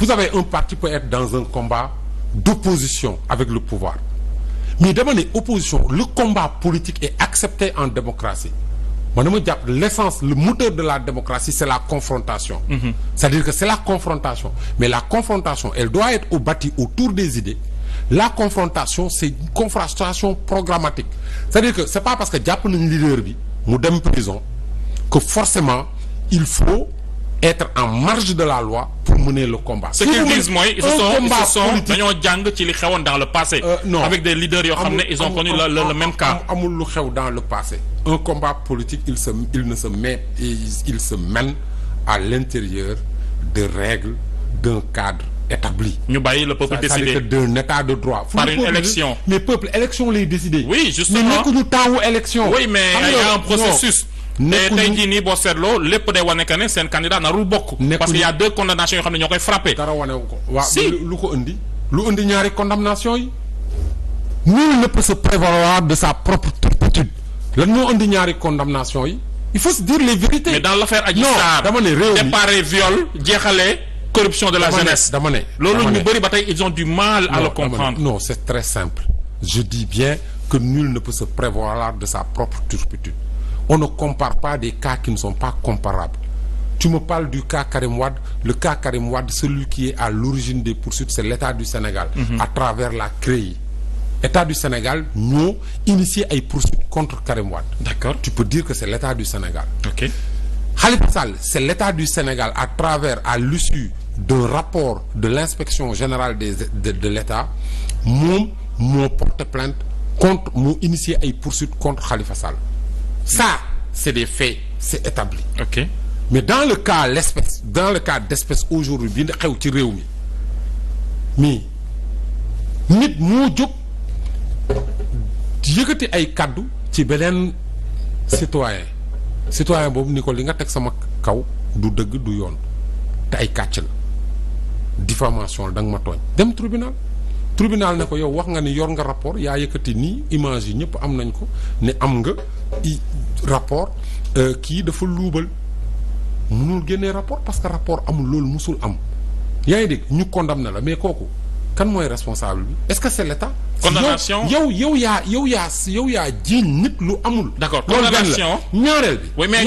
vous avez un parti peut être dans un combat d'opposition avec le pouvoir mais dama ne opposition le combat politique est accepté en démocratie man dama jàpp l'essence le moteur de la démocratie c'est la confrontation mm -hmm. c'est-à-dire que c'est la confrontation mais la confrontation elle doit être bâtie autour des idées la confrontation c'est une confrontation programmatique c'est-à-dire que c'est pas parce que jàpp nañu leader bi mu dem prison que forcément il faut être en marge de la loi mener le combat. ce qu'ils disent mooy ils se sont dañoo jàng ci li xewoon dans le passé. Euh, non avec des leaders yoo xam ne ils ont connu le même cas. amul lu xew dans le passé. un combat politique il se il ne se met il se mène à l'intérieur de règles d'un cadre établi. ñu bàyyi le peuple décider élection mais peuple élection lay décider. oui justement mais nekkuñu taawu élection. oui mais il y a un processus. nekkuñu tey jii nii boo seetloo lépp day wane que ne seen candidat narul bokk. parce que y' koy frappé. dara wane wu ko waaw lu ko indi. lu indi ñaari condamnation yi. nul ne peut se prévaloir de sa propre turpitude. lan moo indi ñaari condamnation yi. il faut se dire les vérités. mais dans l' affaire Adji Sarr dama ne réew mi déparé viol jeexalee. corruption de la jeunesse dama ne loolu ñu bëri ba tey ils ont du mal à le comprendre non c'est très simple je dis bien que nul ne peut se prévaloir de sa propre turpitude on ne compare pas des cas qui ne sont pas comparables tu me parles du cas Karim Wade le cas Karim Wade celui qui est à l'origine des poursuites c'est l'État du Sénégal mmh. à travers la CREI État du Sénégal ñoo initié ay poursuites contre Karim Wade d'accord tu peux dire que c'est l'État du Sénégal Khalifa Sall c'est l'État du Sénégal à travers à l'issue d'un rapport de l'inspection générale des de, de l'État moom moo porté plainte contre moo initié ay poursuites contre Khalifa Sall ça c'est des faits c'est établi ok mais dans le cas l'espèce dans le cas d'espèce aujourd'hui bi xew ci réew mi mais nit moo jóg yëkkati ay kàddu ci beneen citoyen citoyen boobu ni ko li nga teg sama kaw du dëgg du yoon te ay kàcc la diffamation la da nga ma tooñ dem tribunal tribunal ne ko yow wax nga ni yor nga rapport yaa yëkkati nii image yi ñëpp am nañ ko ne am nga rapport euh, kii dafa luubal mënul génnee rapport parce que rapport amul loolu musul am yaa dégg ñu condamné la mais kooku kan mooy responsable bi est-ce que c'est l'État condamnation yow yow yaa yow yaa yow yaa jiiñ nit lu amul. d'accord condamnation ñaareel bi. oui mais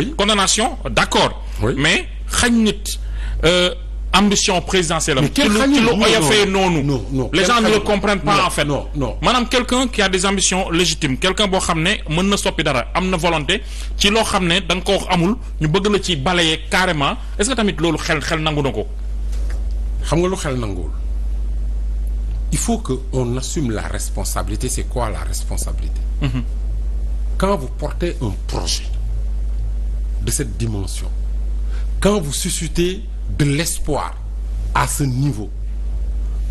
bi. condamnation d'accord. mais xañ nit. Euh, ambition présidentielle am. ci lu oyofee noonu. les gens ne le comprennent pas non, en fait. non non maanaam quelqu'un qui a des ambitions légitimes quelqu'un boo xam ne mën na soppi dara am na volonté ci loo xam ne danga nga koo amul ñu bëgg la ci balayer carrément est-ce que tamit loolu xel xel nangu na ko. xam nga lu xel nanguwul il faut que on assume la responsabilité c'est quoi la responsabilité. Mm-hmm. quand vous portez un projet de cette dimension quand vous suscitez. de l'espoir à ce niveau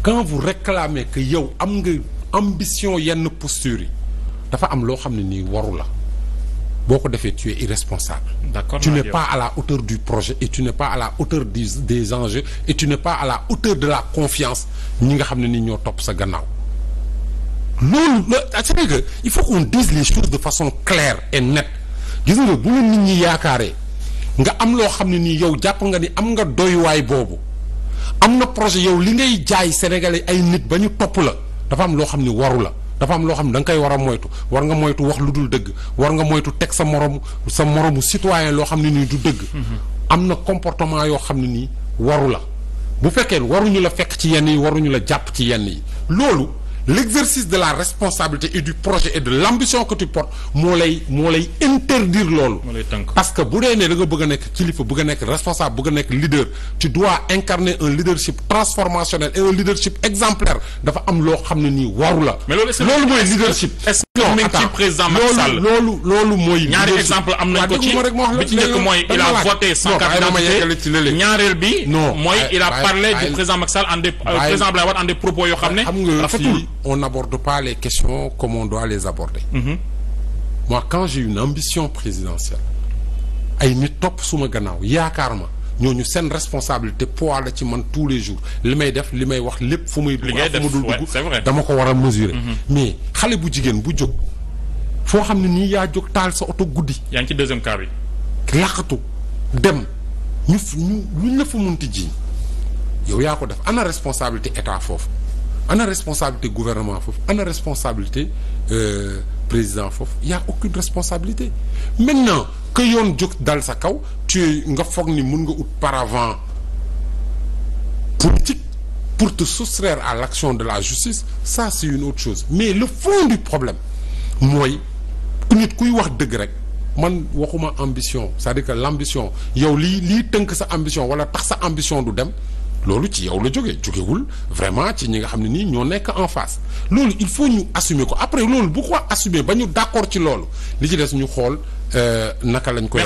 quand vous réclamez que yow am nga ambition yenn posture yi dafa am loo xam ne nii waru la boo ko defee tu es irresponsable d'accord tu n'es pas à la hauteur du projet et tu n'es pas à la hauteur des des enjeux et tu n'es pas à la hauteur de la confiance ñi nga xam ne nii ñoo topp sa gannaaw loolu c'est que il faut qu'on dise les choses de façon claire et nette gis nga bu la nit ñi yaakaaree nga am loo xam ne nii yow jàpp nga ni am nga doywaay boobu am na projet yow li ngay jaay sénégalais ay nit ba ñu topp la dafa am loo xam ni waru la dafa am loo xam ne da nga koy war a moytu war nga moytu wax lu dul dëgg war nga moytu teg sa moroom sa moromu citoyen loo xam ne nii du dëgg mm-hmm. am na comportement yoo xam ne nii waru la bu fekkee waruñu la fekk ci yenn yi waruñu la jàpp ci yenn yi loolu l'exercice de la responsabilité et du projet et de l'ambition que tu moo lay moo lay interdire loolu parce que bu dee ne da nga bëgg a nekk kilifa bëgg a nekk responsable bëgg a nekk leader tu dois incarner un leadership transformationnel et un leadership exemplaire dafa am loo xam ne nii waru la loolu mooy leadership non loolu loolu loolu mooy. ñaari exemple am nañ ko ci bi ci njëkk mooy il a voté sans carte d'identité ñaareel bi. mooy il a parlé du président Macky euh, en des propos yoo xam ne. xam nga fii on n'aborde pas les questions comme on doit les aborder. Mhm. moi quand j'ai une ambition présidentielle ay nit topp suma gannaaw yaakaar ma. ñooñu seen responsabilité poids la ci man tous les jours li may def li may wax lépp fu muy dugg fu mu dul dugg dama ko war a mesurer mhm. mais xale bu jigéen bu jóg foo xam ne nii yaa jóg taal sa oto guddi yaa ngi ci deuxième cas bi dem ñu ñu luñ la fa munti ji yow yaa ko def ana responsabilité état foofu ana responsabilité gouvernement foofu ana responsabilité euh, président foofu y a responsabilité maintenant que yoon jóg dal sa kaw tu nga foog ni mun nga ut paravent politique pour te soustraire à l'action de la justice ça c'est une autre chose mais le fond du problème mooy nit kuy wax dëgg rek man waxuma ambition c'est-à-dire que l'ambition yow lii lii tënk sa ambition wala tax sa ambition du dem loolu ci yow la jóge jógewul vraiment ci ñi nga xam ne nii ñoo nekk en face loolu il faut ñu assumer ko après loolu bu ko assumer ba ñu d'accord ci loolu li ci des ñu xool euh, naka lañ koy